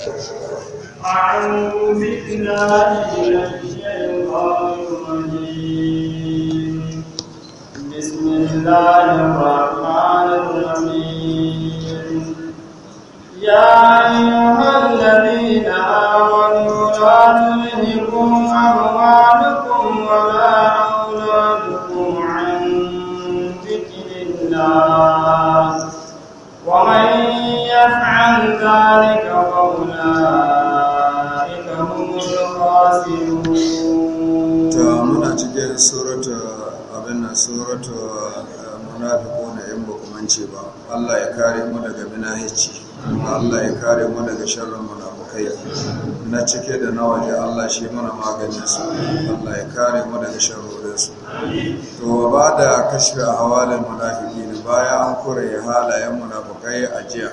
أعوذ بالله من بسم الله الرحمن الرحيم يا أيها الذين آمنوا لا أموالكم عن ذكر ومن يفعل ذلك suratu eh, munafiqun in ba kumance ba Allah ya kare mu daga minahici Allah ya kare mu daga sharrin munafukai na cike da na waje Allah shi mana maganin su Allah ya kare mu daga sharrorin su to ba da kashfi hawalin ne, baya an kore halayen munafukai a jiya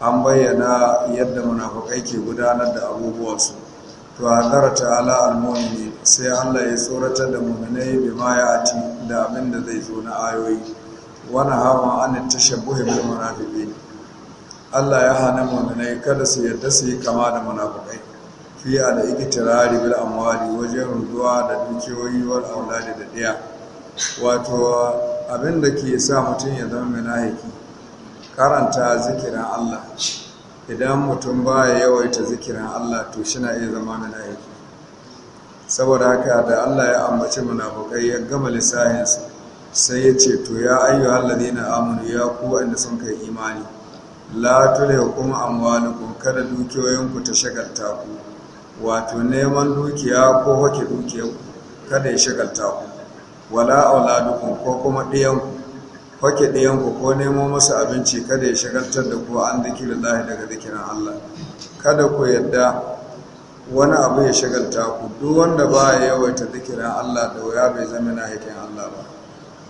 an bayyana yadda munafukai ke gudanar da abubuwansu to a ta'ala al-mu'mini sai Allah ya tsoratar da mu'minai bi ma ati da abin da zai zo na ayoyi wani hawa an tashabbuhi bil munafiqin Allah ya hana mu'minai kada su yarda su yi kama da munafiqai fi da iktirari bil amwali wajen ruduwa da dukiyoyi wal auladi da diya wato abin da ke sa mutum ya zama mai munafiki karanta zikirin Allah idan mutum ba ya yawaita zikirin Allah to shi na iya zama na yake saboda haka da Allah ya ambaci munafukai ya gama lissahinsu sai ya ce to ya ayyu na amanu ya ku wanda sun kai imani la tulhikum amwalukum kada dukiyoyinku ta shagalta ku wato neman dukiya ko wake dukiyar kada ya shagalta ku wala auladukum ko kuma ɗiyanku kwake ɗiyanku ko nemo masa abinci kada ya shagaltar da ku an zikirin lahi daga zikirin Allah kada ku yadda wani abu ya shagalta ku duk wanda ba ya yawaita zikirin Allah da waya bai zama na haƙin Allah ba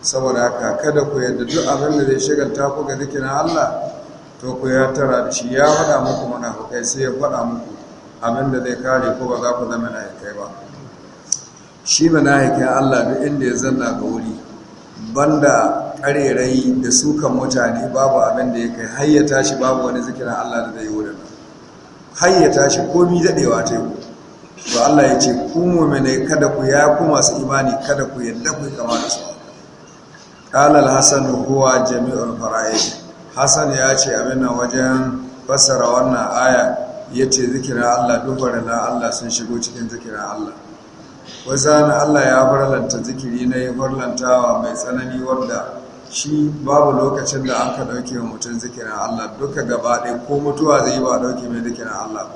saboda haka kada ku yadda duk abin da zai shagalta ku ga zikirin Allah to ku ya tara da shi ya faɗa muku hukai sai ya faɗa muku abin da zai kare ku ba za ku zama na haƙai ba shi haƙin Allah duk inda ya zanna ga wuri banda ƙarerayi da sukan mutane babu abin da ya kai hayyata shi babu wani zikirin Allah da zai wurin hayyata shi komi daɗewa ta yi to Allah ya ce ku mu'minai kada ku ya ku masu imani kada ku yadda ku kama da su Ƙalal Hassan hasan huwa jami'ul fara'id hasan ya ce abin nan wajen fassara wannan aya yace zikirin Allah Duk na Allah sun shigo cikin zikirin Allah wazan Allah ya farlanta zikiri na ya farlantawa mai tsanani wanda shi babu lokacin da an ka ɗauke wa mutum zikirin Allah duka gaba ɗaya ko mutuwa zai ba dauke mai zikirin Allah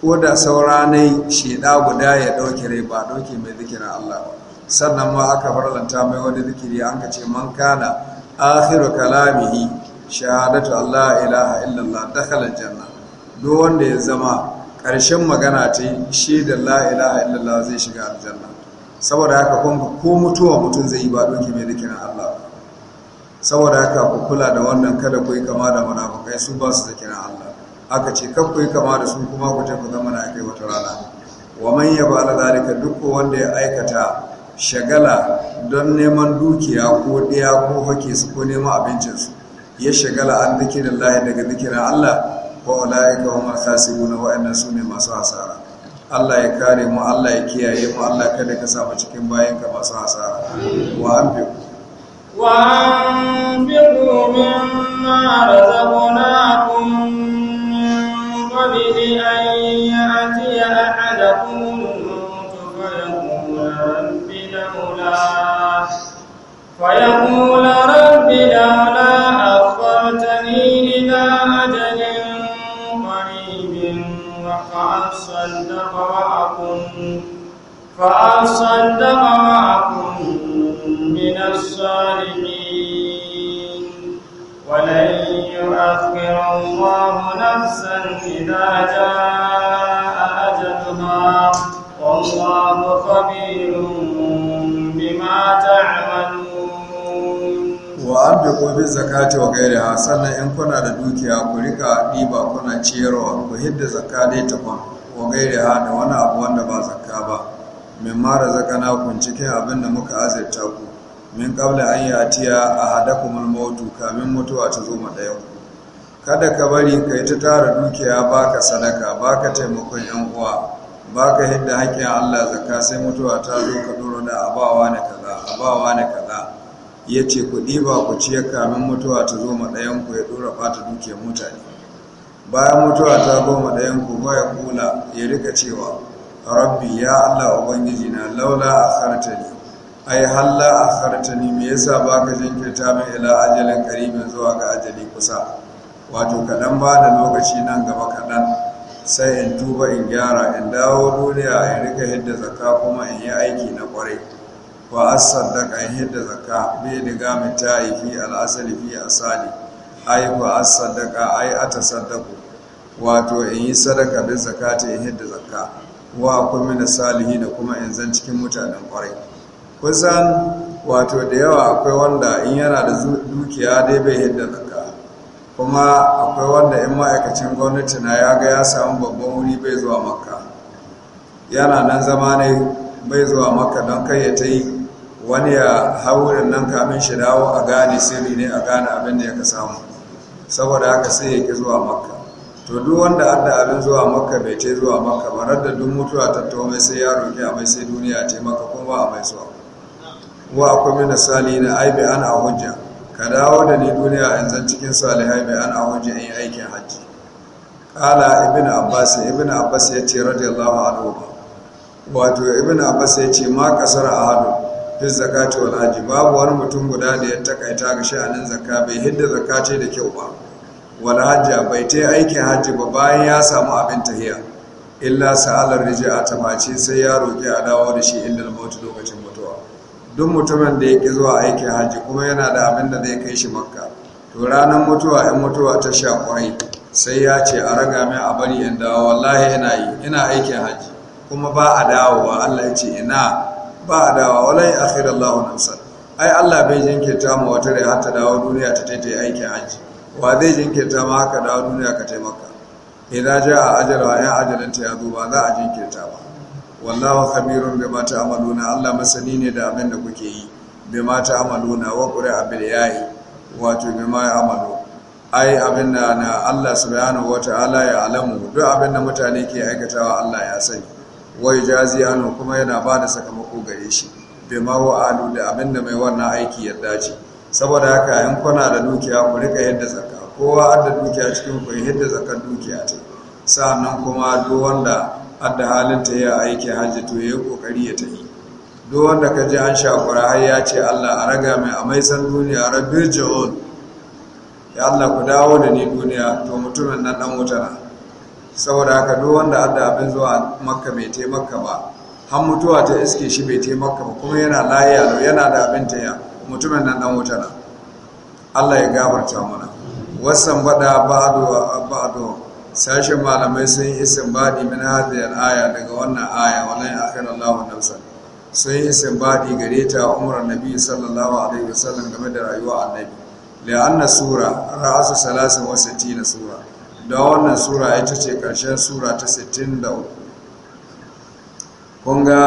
ko da saura ne sheda guda ya ɗauke rai ba ɗauke mai zikirin Allah ba sannan ma aka farlanta mai wani zikiri an ka ce man kana akhiru kalamihi shahadatu Allah ilaha illallah dakhala janna Do wanda ya zama ƙarshen magana ce shi da la ilaha illallah zai shiga aljanna saboda haka kun ko mutuwa mutum zai yi ba dauke mai zikirin Allah ba saboda haka ku kula da wannan kada ku yi kama da munafukai su ba su zikirin Allah aka ce kar ku yi kama da su kuma ku tafi zama na kai wata rana wa man ba zalika duk wanda ya aikata shagala don neman dukiya ko diya ko hake su ko neman su ya shagala an zikirin daga zikirin Allah wa ula'ika wa makasibu na wa'annan su ne masu hasara Allah ya kare mu Allah ya kiyaye mu Allah kada ka samu cikin bayanka masu hasara wa وأنفقوا مما رزقناكم من قبل أن يأتي أحدكم الموت فيقول رب لولا فيقول رب لولا أخرتني إلى أجل قريب وفأصدق وأكن فأصدق معكم الله نفسا إذا جاء أجلها والله خبير بما تعملون وأنفقوا بالزكاة وغيرها sannan in kuna da dukiya ku rika ɗiba kuna ciyarwa ku hidda zakka dai takwan wa gairaha da wani abu wanda ba zakka ba min mara zakana kun cikin abin da muka azirta ku min kabla an yatiya ahadakumul mautu kamin mutuwa ta zo ma kada ka bari ka yi ta tara dukiya ba ka sadaka ba ka taimakon yan uwa ba baka yadda haƙƙin Allah zaka sai mutuwa ta zo ka doro da abawa ne kaza abawa ne kaza yace kuɗi ba ku ciye kamin mutuwa ta zo ma ɗayan ku ya ɗora fata dukiyar mutane bayan mutuwa ta zo ma ba ya kula ya rika cewa rabbi ya Allah ubangiji na laula a ne ai halla a ne me yasa baka jinkirta min ila ajalin karibin zuwa ga ajali kusa wato kaɗan ba da lokaci nan gaba kaɗan sai in tuba in gyara in dawo duniya in rika hidda zakka kuma in yi aiki na ƙwarai, wa da in hidda zakka bai diga mai yi fi al'asali fi asali ai wa ka ai a ta atasaddaku wato in yi sadaka bi zakata in hidda zakka wa kuma na salihi da kuma in zan cikin mutanen ƙwarai. kusan wato da yawa akwai wanda in yana da dukiya dai bai hidda zakka kuma akwai wanda in ma'aikacin gwamnati na ya ga ya samu babban wuri bai zuwa makka yana nan zama ne bai zuwa makka don kai ya ta yi wani ya haurin nan kamin shi dawo a gane sirri ne a gane abin da ya ka samu saboda haka sai ya ki zuwa makka to duk wanda an da abin zuwa makka bai ce zuwa makka ba da duk mutuwa ta mai sai ya roƙi a mai sai duniya ce maka kuma a mai zuwa wa akwai min sali na aibi ana hujja ka dawo da ni duniya in zan cikin salihai mai an ahunji in yi aikin hajji kala ibn abbas ibn abbas ya ce radiyallahu anhu wato ibn abbas ya ce ma kasar ahadu fi zakati wal hajji babu wani mutum guda da ya takaita ga sha'anin zakka bai hidda zakati da kyau ba wal hajja bai ta aikin hajji ba bayan ya samu abin tahiya illa sa'alar rija'a ta mace sai ya roƙi a dawo da shi illal maut lokacin duk mutumin da ya ƙi zuwa aikin hajji kuma yana da abin da zai kai shi makka to ranar mutuwa in mutuwa ta sha ƙwarai sai ya ce a raga min a bari in dawo wallahi ina yi ina aikin hajji kuma ba a dawowa Allah ya ce ina ba a dawowa wallahi akhir Allahu nafsan ai Allah bai jinkirta mu wata rai har ta dawo duniya ta taita aikin hajji wa zai jinkirta ma haka dawo duniya ka taimaka idan ja a ajalawa ya ajalanta ya zo ba za a jinkirta ba wallahu khabirun bima ta'maluna Allah masani ne da abin da kuke yi bima ta'maluna wa qura'a bil yahi wato bima ya'malu ai abin da na Allah subhanahu wata'ala ya alamu duk abin da mutane ke aikatawa Allah ya sani wai jazi anu kuma yana ba da sakamako gare shi bima wa alu da abin da mai wannan aiki ya dace saboda haka in kuna da dukiya ku rika yadda zakka kowa adda dukiya cikin ku yadda zakkar dukiya ta sa'annan kuma duk wanda adda halin ta yi aiki hajji to ya kokari ya yi duk wanda ka ji an shakura har ya ce Allah a raga mai a mai san duniya rabbir jihon ya Allah ku dawo da ni duniya to mutumin nan dan wuta na saboda haka duk wanda adda abin zuwa makka bai taimaka ba har mutuwa ta iske shi bai taimaka ba kuma yana alo yana da abin ta ya mutumin nan dan wuta na Allah ya gabarta mana wasan bada ba'adu ba'adu sashen malamai sun yi istinbadi min hadhihi al-aya daga wannan aya walan akhir Allahu nafsan sun yi istinbadi gare ta umrar nabi sallallahu alaihi wasallam game da rayuwa annabi la'anna sura ra'asu salasin wa sittina sura da wannan sura ita ce karshen sura ta 63 kun ga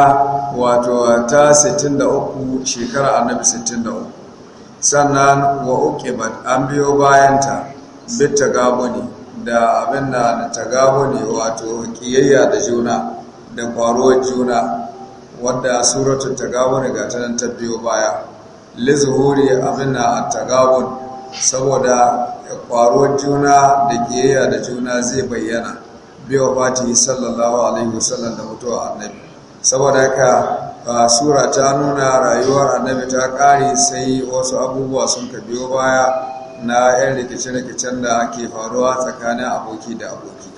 wato ta 63 shekara annabi 63 sannan wa uqibat an biyo bayanta bitta gaboni da abin na tagabo ne wato kiyayya da juna da kwaruwar juna wadda suratun tagabo ne ga tanan ta biyo baya lizuhuri abin na tagabo saboda kwaruwar juna da kiyayya da juna zai bayyana biyo fati sallallahu alaihi wasallam da mutuwa annabi saboda ka sura ta nuna rayuwar annabi ta kare sai wasu abubuwa sun ka biyo baya na 'yan rikice-rikicen da ke faruwa tsakanin aboki da aboki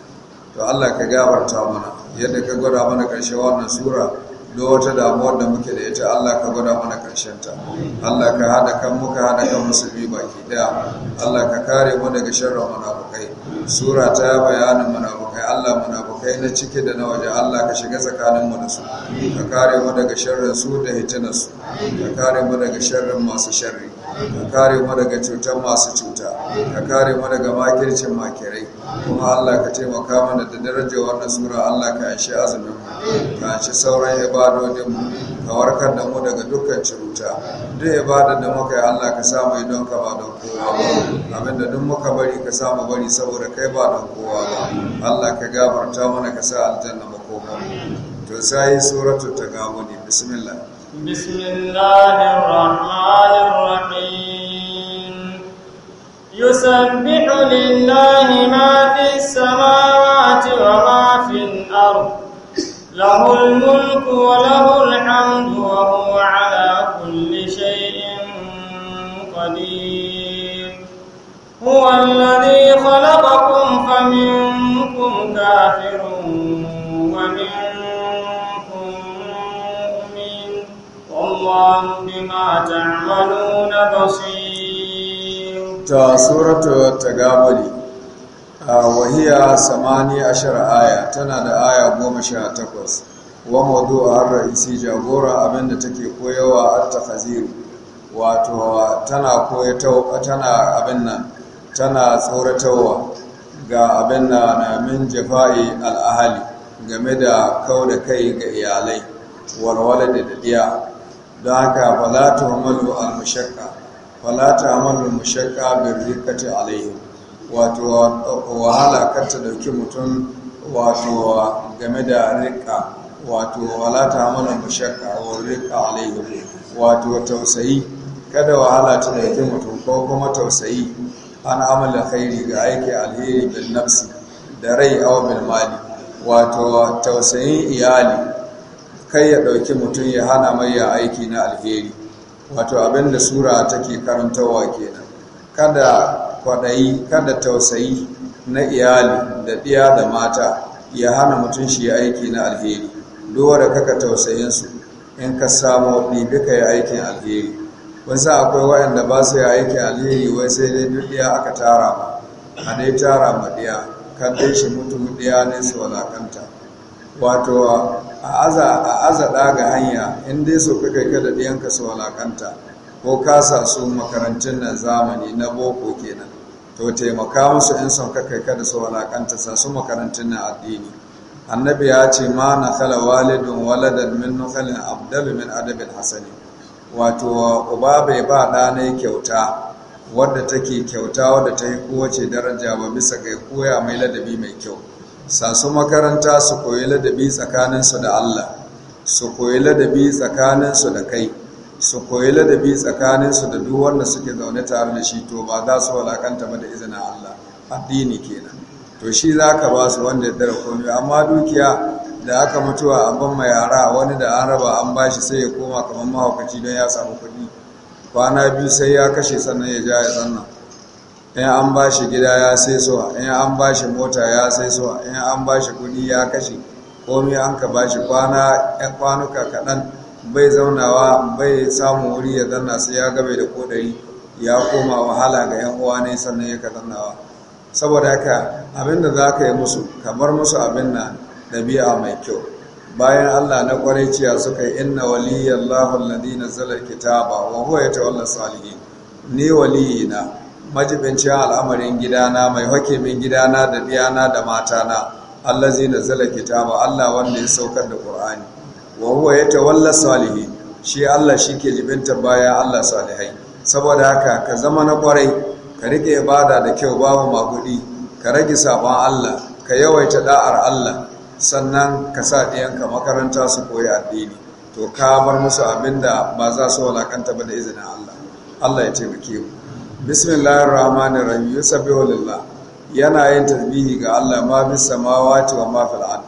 to Allah ka gabarta mana yadda ka gwada mana ƙarshe wannan sura da wata damuwar da muke da ita Allah ka gwada mana ta. Allah ka hada kan muka hada kan musulmi baki daya Allah ka kare mu daga sharrin munafukai sura ta bayanin munafukai Allah munafukai na cike da na waje Allah ka shiga tsakanin mu da su ka kare mu daga sharrin su da hitinar su ka kare mu daga sharrin masu sharri ka kare mu daga cutar masu cuta ka kare mu daga makircin makirai kuma Allah ka taimaka mana da darajar wannan sura Allah ka anshi azumin mu ka anshi sauran ibadodin mu ka warkar da mu daga dukkan cuta duk ibadar da muka yi Allah ka sa mu yi don ka don kowa ba abinda duk muka bari ka sa bari saboda kai ba don kowa ba Allah ka gafarta mana ka sa aljanna makoma to sai suratul tagabuni bismillah بسم الله الرحمن الرحيم يسبح لله ما في السماوات وما في الأرض له الملك وله الحمد وهو والله بما تعملون بصير سورة التغابن وهي ثمانية عشر آية da aya goma sha takwas wa mawdu'ar ra'isi jagora abinda take koyawa at-takhazir wato tana koyatawa tana abin nan tana tsoratawa ga abin nan na min jafa'i al game da kauda kai ga iyalai walwala da dadiya da haka fala ta malu al-mushakka fala ta malu al-mashakka bin rikati alaihi wato wahala kar ta dauki mutum wato game da rika wato wala ta malu al-mashakka wa rika alaihi wato tausayi kada wahala ta dauki mutum ko kuma tausayi an amala khairi ga aiki alheri bin nafsi da rai aw bil mali wato tausayin iyali kai ya ɗauki mutum ya hana mai ya aiki na alheri wato abinda sura take karantarwa kenan kada kwaɗayi kada tausayi na iyali da ɗiya da mata ya hana mutum shi ya aiki na alheri dole da kaka tausayinsu in ka samu ɗibi ka yi aikin alheri wasu akwai waɗanda ba su yi aikin alheri wai sai dai duk ɗiya aka tara ma a dai tara ma ɗiya kan dai shi mutum ɗiya ne su walakanta wato a aza ga hanya in dai so ka da kada su walakanta ko kasa su makarantun na zamani na boko kenan to taimaka musu in son ka su walakanta sa su makarantun na addini annabi ya ce ma na kala walidun waladan min nukalin abdalu min adabin hasani wato uba bai ba ɗa kyauta wadda take kyauta wadda ta yi kowace daraja ba bisa ga koya mai ladabi mai kyau sasu makaranta su koyi ladabi tsakaninsu da Allah su koyi ladabi tsakaninsu da kai su koyi ladabi tsakaninsu da duk wanda suke zaune tare da shi to ba za su walakanta ba da izinin Allah addini kenan to shi za ka ba su wanda ya dara komai amma dukiya da aka mutuwa a ban mai yara wani da an raba an ba shi sai ya koma kamar mahaukaci don ya samu kuɗi kwana biyu sai ya kashe sannan ya ja ya zanna in an ba shi gida ya sai suwa in an ba shi mota ya sai suwa in an ba shi kudi ya kashe komi an ka ba shi kwanuka kaɗan bai zaunawa bai samu wuri ya zanna sai ya gabe da kodari ya koma wahala ga yan uwa ne sannan ya ka zannawa saboda haka abinda za ka yi musu kamar musu abin na ɗabi'a mai kyau bayan allah na kwarai ciya suka yi inna waliyyallahu alladhi nazzala kitaba wa huwa yatawalla salihin ni waliyina majibinci al'amarin gidana mai hakimin gidana da diyana da matana Allah zai nazzala kitaba Allah wanda ya saukar da Qur'ani wa huwa yatawalla salihin shi Allah shike jibinta baya Allah salihai saboda haka ka zama na kwarai ka rike ibada da kyau babu magudi ka rage sabon Allah ka yawaita da'ar Allah sannan ka sa ɗiyanka makaranta su koyi addini to ka bar musu abinda ba za su walakanta ba da izinin Allah Allah ya taimake mu bismillahir rahmanir rahim yusabbihu lillah yana yin tasbihi ga Allah ma bis samawati wa ma fil ard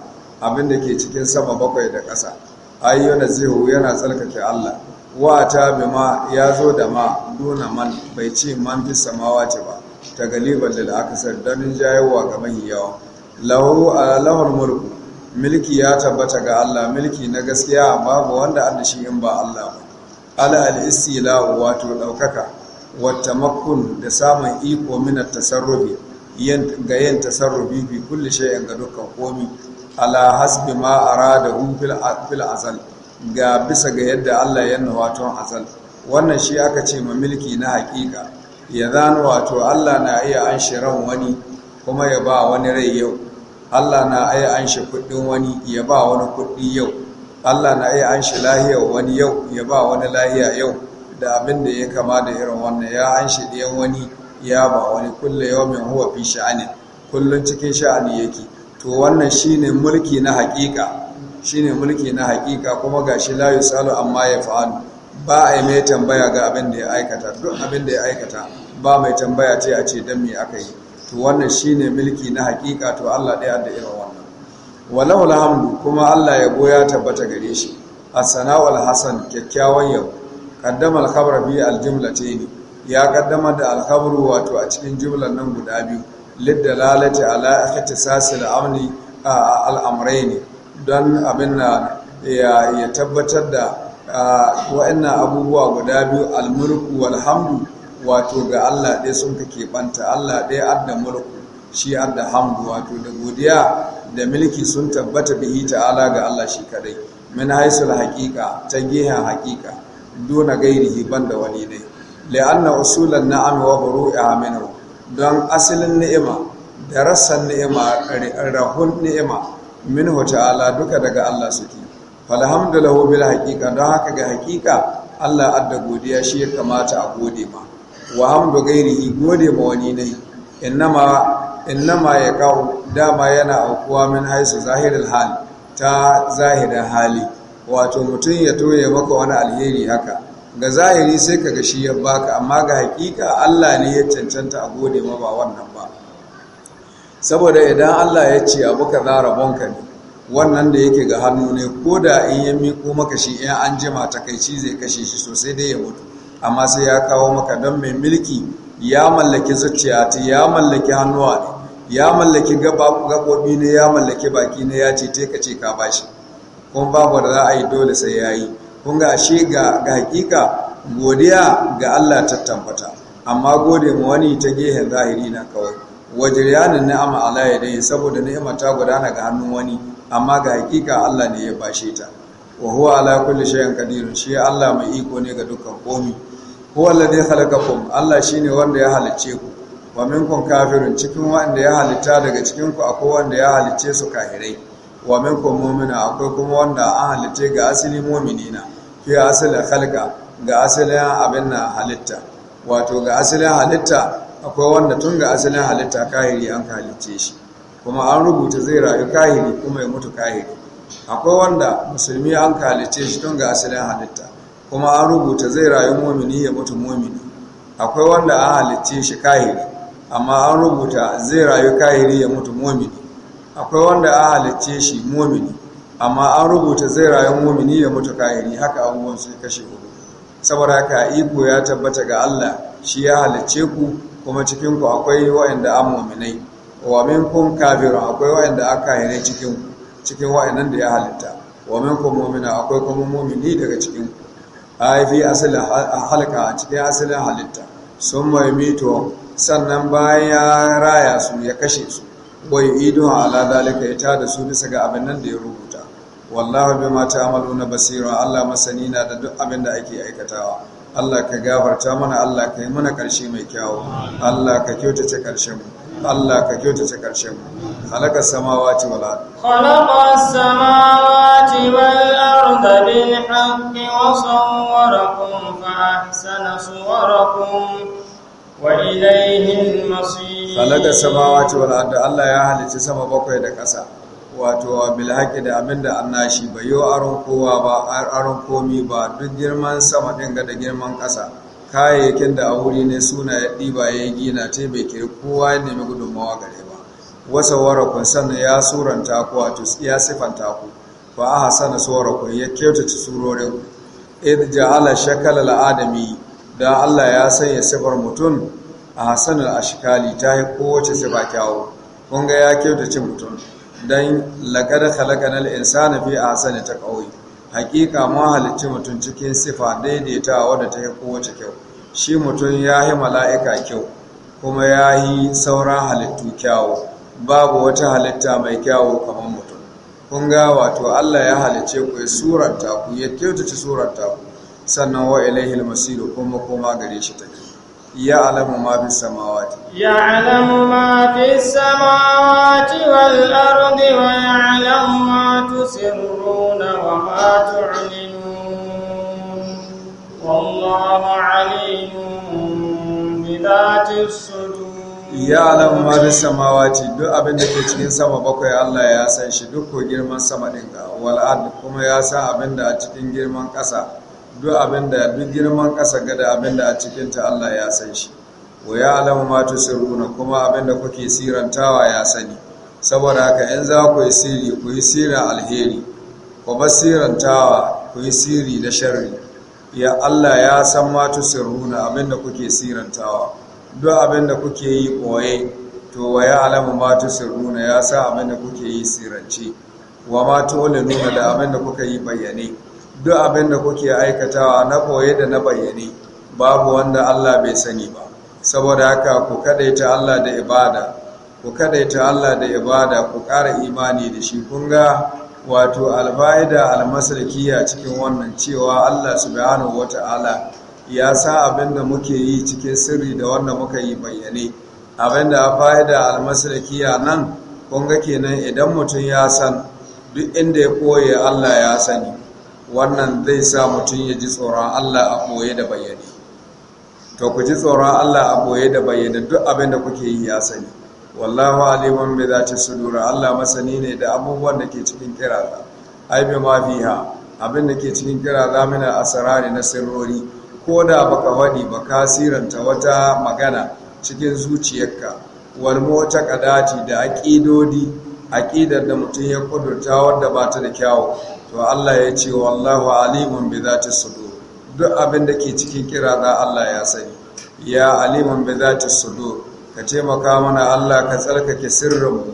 abin ke cikin sama bakwai da ƙasa ayyuna zihu yana tsarkake Allah wa ta bima ya zo da ma duna man bai ci man bis samawati ba ta galibal lil aksar dan jayewa ga yawa lahu lahul mulku milki ya tabbata ga Allah milki na gaskiya babu wanda an in ba Allah ba ala al-istila wato daukaka wata makon da samun iko minar tasarrufi ga yin tasarrufi bi kulle shay'in ga dukkan komi ala hasbi ma aradahu fil azal ga bisa ga yadda Allah ya nuwa azal wannan shi aka ce ma milki na hakika ya zanu wato Allah na iya an ran wani kuma ya ba wani rai yau Allah na iya an shi kuɗin wani ya ba wani kuɗi yau Allah na iya an shi lahiyar wani yau ya ba wani lahiya yau da abin da ya kama da irin wannan ya hanshi ɗayan wani ya ba wani kulle yau mai huwa fi sha'ani kullum cikin sha'ani yake to wannan shine mulki na haƙiƙa shine mulki na haƙiƙa kuma gashi la yusalu amma ya fa'alu ba a yi mai tambaya ga abin da ya aikata duk abin da ya aikata ba mai tambaya ce a ce don me aka yi to wannan shine mulki na haƙiƙa to Allah ɗaya da irin wannan walau alhamdu kuma Allah ya goya tabbata gare shi as-sana'u al kyakkyawan yau. kaddama alkhabara bi aljumlatayn ya kaddama da alkhabaru wato a cikin jumlar nan guda biyu lidalalati ala ihtisas al-amri al-amrayn dan abin ya tabbatar da wa'annan abubuwa guda biyu almulku walhamdu wato ga Allah ɗaya sun kake banta Allah ɗaya adda mulku shi adda hamdu wato da godiya da mulki sun tabbata bihi ta'ala ga Allah shi kadai min haisul haƙiƙa ta gehen haƙiƙa duna gairihi banda wani ne na usulan na'am wa buru'a minhu don asalin ni'ima da rassan ni'ima rahun ni'ima minhu ta'ala duka daga Allah suke falhamdulahu bil haqiqa don haka ga haqiqa Allah adda godiya shi ya kamata a gode ma wa hamdu gairihi gode ma wani ne innama innama ya kawo dama yana aukuwa min haisu zahirin hal ta zahirin hali wato mutum ya toye maka wani alheri haka ga zahiri sai ka gashi ya baka amma ga hakika Allah ne ya cancanta a gode ma ba wannan ba saboda idan Allah ya ce abu ka za rabonka ne wannan da yake ga hannu ne ko da in ya miko maka shi in an jima takaici zai kashe shi sosai dai ya mutu amma sai ya kawo maka don mai milki ya mallaki zuciya ta ya mallaki hannuwa ne ya mallaki gaɓoɓi ne ya mallaki baki ne ya ce te ka ce ka bashi kuma babu da za a yi dole sai ya yi kun ga ashe ga hakika godiya ga Allah ta tabbata amma gode mu wani ta gehen zahiri na kawai wajriyanin ni'ama ya dai saboda ni'ama ta gudana ga hannun wani amma ga hakika Allah ne ya bashe ta wa huwa ala kulli shay'in qadir shi Allah mai iko ne ga dukkan komi huwa alladhi khalaqakum Allah shine wanda ya halicce ku wa minkum kafirun cikin wanda ya halitta daga cikin ku akwai wanda ya halicce su kafirai wa minkum mu'mina akwai kuma wanda an halitta ga asali mu'minina fi asali khalqa ga asalin abin na halitta wato ga asalin halitta akwai wanda tun ga asalin halitta kahiri an halitta shi kuma an rubuta zai rayu kahiri kuma ya mutu kahiri akwai wanda musulmi an halitta shi tun ga asalin halitta kuma an rubuta zai rayu mumini ya mutu mumini akwai wanda an halitta shi kahiri amma an rubuta zai rayu kahiri ya mutu mumini akwai wanda a halicce shi momini. amma an rubuta zai rayu momini ya mutu kayani haka abubuwan su kashe hudu saboda haka iko ya tabbata ga Allah shi ya halicce ku kuma cikin ku akwai wa'anda an mominai. wa minkum kafiru akwai wa'anda aka yare cikin ku cikin wa'annan da ya halitta wa minkum mu'mina akwai kuma mumini daga cikin ku ai fi asali halka a cikin asalin halitta sun mai mito sannan bayan ya raya su ya kashe su wai idon ala dalika ya tada su bisa ga abin nan da ya rubuta wallahu bima na basira Allah masani na da duk abin da ake aikatawa Allah ka gafarta mana Allah ka yi mana karshe mai kyau Allah ka kyautata karshen mu Allah ka kyautace karshen mu khalaqa samawati wal ard khalaqa samawati wal ard bil haqqi wa sawwarakum fa ahsana suwarakum Halakar samawati wal ardi Allah ya halicci sama bakwai da ƙasa wato bil haqqi da abinda annashi bai yo aron kowa ba aron komi ba duk girman sama ɗin ga da girman ƙasa kayayyakin da a wuri ne suna ya ɗiba ya gina ce bai kowa ya nemi gudunmawa gare ba wasa warakun sannan ya suranta taku, wato ya sifanta ku fa ya kyautata surorin id ja'ala shakala al adami don Allah ya sanya sifar mutum a hasanar ashikali ta yi kowace sifa kyawu kun ga ya cin mutum don laƙar halakanar insana fi a Hassani ta ƙauye hakika ma halicci mutum cikin sifa daidaita wadda ta yi kowace kyau shi mutum ya yi mala'ika kyau kuma ya yi sauran halittu kyawo babu wata halitta mai kyawu kamar mutum kun wato Allah ya halicce ku ya suranta ku ya kyautace suranta ku sannan wa al masiru kuma kuma gare shi take ya alamu ma fi samawati ya alamu ma fi samawati wal ardi wa ya alamu ma tusirruna wa ma tu'linun wallahu alimun bi dhati ya alamu ma fi samawati duk abin da ke cikin sama bakwai Allah ya san shi duk ko girman sama din ga wal kuma ya san abin da a cikin girman ƙasa duk abinda duk girman ƙasa gada abinda a cikinta Allah ya san shi wa ya alamu ma tusirruna kuma abinda kuke sirantawa ya sani saboda haka in za ku yi siri ku yi sirri alheri kuma ba sirantawa ku yi siri da sharri ya Allah ya san ma abin abinda kuke sirantawa duk abinda kuke yi boye to wa ya alamu ma tusirruna ya sa abinda kuke yi sirance wa ma tu'linuna da abinda kuka yi bayyane duk abin da kuke aikatawa na koye da na bayyane babu wanda Allah bai sani ba saboda haka ku kadaita Allah da ibada ku kadaita Allah da ibada ku ƙara imani da shi kun ga wato alfa'ida almasarkiya cikin wannan cewa Allah subhanahu wata'ala ya sa abin da muke yi cikin sirri da wanda muka yi bayyane abin da fa'ida almasarkiya nan kun ga kenan idan mutum ya san duk inda ya koye Allah ya sani wannan zai sa mutum ya ji tsoron Allah a ɓoye da bayyane to ku ji tsoron Allah a ɓoye da bayyane duk abin da kuke yi ya sani wallahu aliman ce zati sudura Allah masani ne da abubuwan da ke cikin kiraza ai bi ma fiha abin da ke cikin kiraza mina asrari na sirrori ko da baka faɗi baka siranta wata magana cikin zuciyarka wani mota kadaci da aƙidodi aƙidar da mutum ya kudurta wadda ba ta da kyawu to Allah ya ce wallahu alimun bi zati sudur duk abin da ke cikin kira za Allah ya sani ya alimun bi zati sudur ka taimaka mana Allah ka tsarkake sirrinmu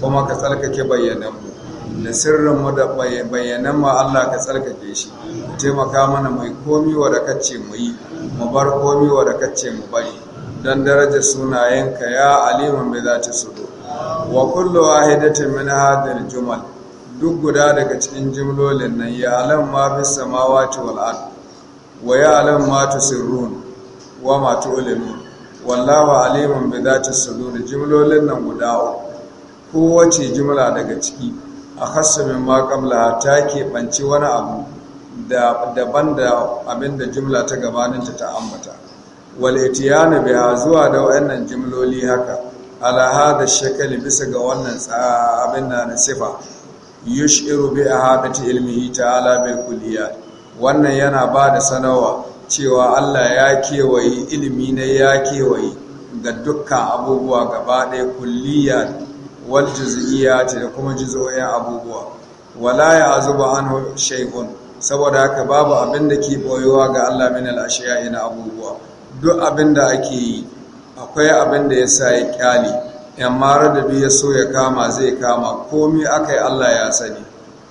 kuma ka tsarkake mu da sirrinmu da bayyananmu Allah ka tsarkake shi ka taimaka mana mai komi wa da kacce mu yi mu bar komi wa da kacce mu bari don daraja sunayenka ya alimun bi zati sudur wa kullu wahidatin min hadhihi al-jumal duk guda daga cikin jimlolin nan ya alam ma fi samawati wal ard wa ya alam ma tusirrun wa ma tu'linun wallahu alimun bi dhati sudur jimlolin nan guda ko kowace jimla daga ciki a hasamin ma qabla ta keɓanci wani abu daban da abinda jimla ta gabaninta ta ambata wal itiyana biha zuwa da wayannan jimloli haka ala hada shakali bisa ga wannan abin na sifa yushiru bi ahadati ilmihi ta'ala bil kulliyat wannan yana ba da sanawa cewa Allah ya kewaye ilimi ne ya kewaye ga dukkan abubuwa gaba ɗaya kulliyat wal juz'iyat da kuma juz'o'in abubuwa wala ya azuba anhu shay'un saboda haka babu abin da ke boyewa ga Allah min al ashiya'i na abubuwa duk abin da ake yi akwai abin da yasa ya kyale amma da ya so ya kama zai kama komi aka yi Allah ya sani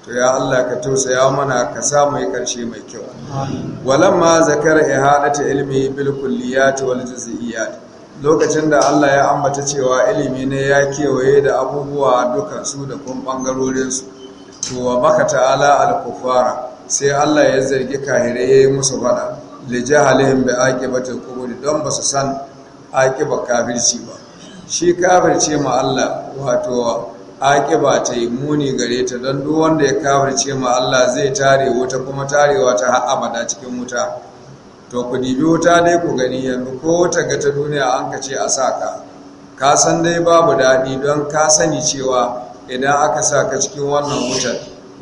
to ya Allah ka tausaya mana ka samu ya karshe mai kyau Walan ma zakara ihadatu ilmi bil kulliyat wal juz'iyat lokacin da Allah ya ambata cewa ilimi ne ya kewaye da abubuwa dukan su da kuma bangarorin su to wa baka ta'ala al kufara sai Allah ya zargi kahire yi musu fada li jahalihim bi aqibati kubur don ba su san aqibar kafirci ba shi kafirce ma Allah wato aƙiba ta yi muni gare ta don duk wanda ya kafirce ma Allah zai tare wuta kuma tarewa ta har abada cikin wuta to ku dibi wuta dai ku gani yanzu ko wata ga ta duniya an ka ce a sa ka ka san dai babu daɗi don ka sani cewa idan aka sa ka cikin wannan wutar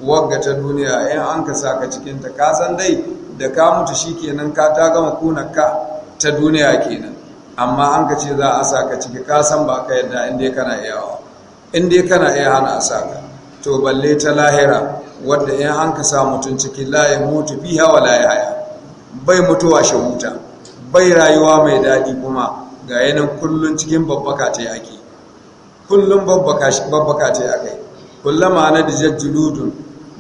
wagga ta duniya in an ka sa ka cikinta ka san dai da ka mutu shi kenan ka ta gama ka ta duniya kenan amma an ka ce za a sa ka ciki kasan san ba ka yadda inda kana iyawa in kana iya hana a sa ka to balle ta lahira wadda in an ka sa mutum ciki layin mutu fi hawa haya bai mutuwa shahuta bai rayuwa mai daɗi kuma ga yanin kullum cikin babbaka ta yaƙi. Kullum babbaka ta kullum kullama na dijaj juludun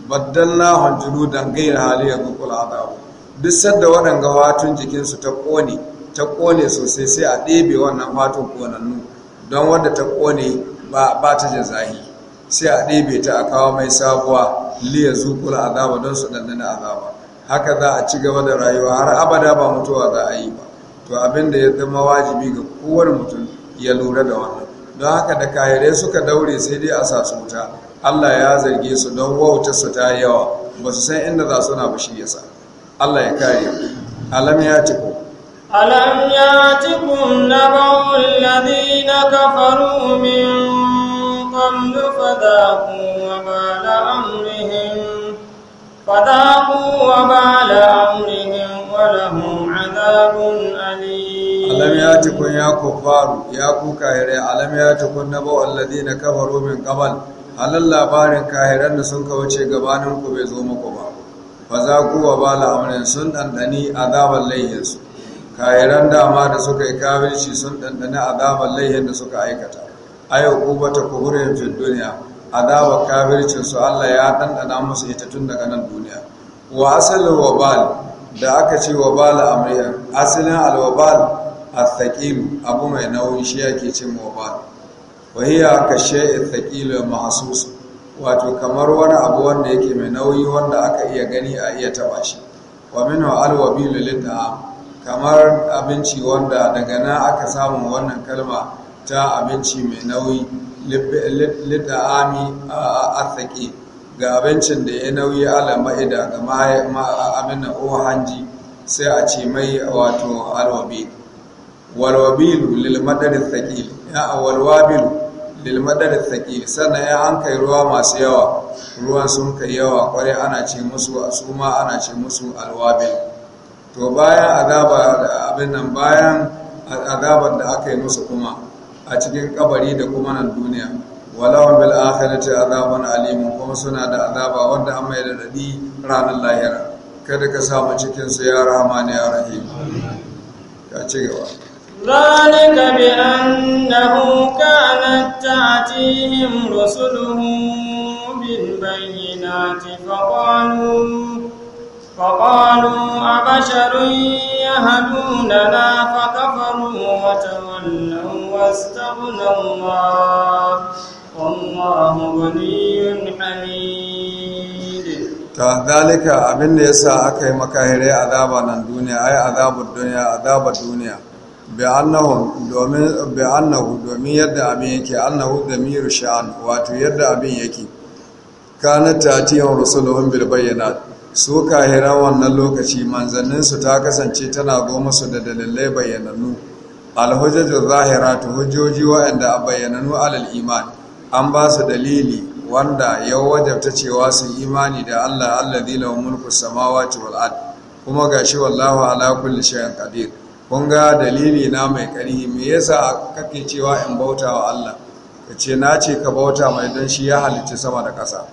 baddallahun juludan gaira hali ya gukul adabu duk sadda waɗanga watun jikinsu ta ƙone ta kone sosai sai a ɗebe wannan fatan konannu don wadda ta ƙone ba ta jin zahi sai a ɗebe ta a kawo mai sabuwa liya zukula azaba don su ɗanɗana azaba haka za a ci gaba da rayuwa har abada ba mutuwa za a yi ba to abin da ya zama wajibi ga kowane mutum ya lura da wannan don haka da kayarai suka daure sai dai a sa su wuta allah ya zarge su don wautarsa ta yawa ba su san inda za su na ba shi sa allah ya kare alam ya tiko ألم ياتكم نبأ الذين كفروا من قبل فذاقوا وبال أمرهم فذاقوا وبال أمرهم ولهم عذاب أليم ألم ياتكم يا كفار يا كفار ألم ياتكم نبأ الذين كفروا من قبل halal labarin kahiran da sun kawace gabaninku bai zo muku ba fa za ku wa bala amrin sun ɗanɗani azabar laihinsu kayaran dama da suka yi kafirci sun ɗanɗani azabar laihin da suka aikata ayo kubata kuhurin fi duniya azabar kafircin su Allah ya ɗanɗana musu ita tun daga nan duniya wa asalin wabal da aka ce wabal Amriyar, asalin alwabal a thaqil abu mai nauyin shi yake cin wabal wa ka shay'in thaqil mahsus wato kamar wani abu wanda yake mai nauyi wanda aka iya gani a iya taba shi wa minhu al-wabil kamar abinci wanda daga nan aka samu wannan kalma ta abinci mai nauyi litta'ami a arziki ga abincin da ya nauyi ala ma'ida ga ma'amin na hanji sai a ce mai wato alwabi walwabilu lilmadarin saki ya walwabilu lilmadarin saki sannan ya an kai ruwa masu yawa ruwan sun kai yawa kwarai ana ce musu a suma ana ce musu alwabilu to bayan azaba abin nan bayan azabar da aka yi musu kuma a cikin kabari da kuma nan duniya walau bil akhirati azabun alim kuma suna da azaba wanda an mai dadi ranar lahira kada ka samu cikin su ya rahman ya rahim ya ci gaba ذلك بأنه كانت تأتيهم رسلهم بالبينات فقالوا فقالوا أبشر يهدوننا فكفروا وتولوا واستغنى الله والله غني حميد كذلك abin da yasa aka yi makahirai azaba nan duniya ai azabar duniya duniya bi annahu domin yadda abin yake annahu damiru sha'an wato yadda abin yake kana tatiyan rusuluhum bil bayyinat su hira wannan lokaci manzanninsu ta kasance tana goma su da dalilai bayyananu alhujjajin zahira ta hujjoji waanda a bayyananu alal iman an ba su dalili wanda ya wajabta cewa su imani da allah allazi wa mulku samawa ci wal'ad kuma ga shi wallahu ala kulli shay'in kun ga dalili na mai ƙarfi me yasa kake cewa in bauta wa allah kace na ce ka bauta mai don shi ya halicci sama da ƙasa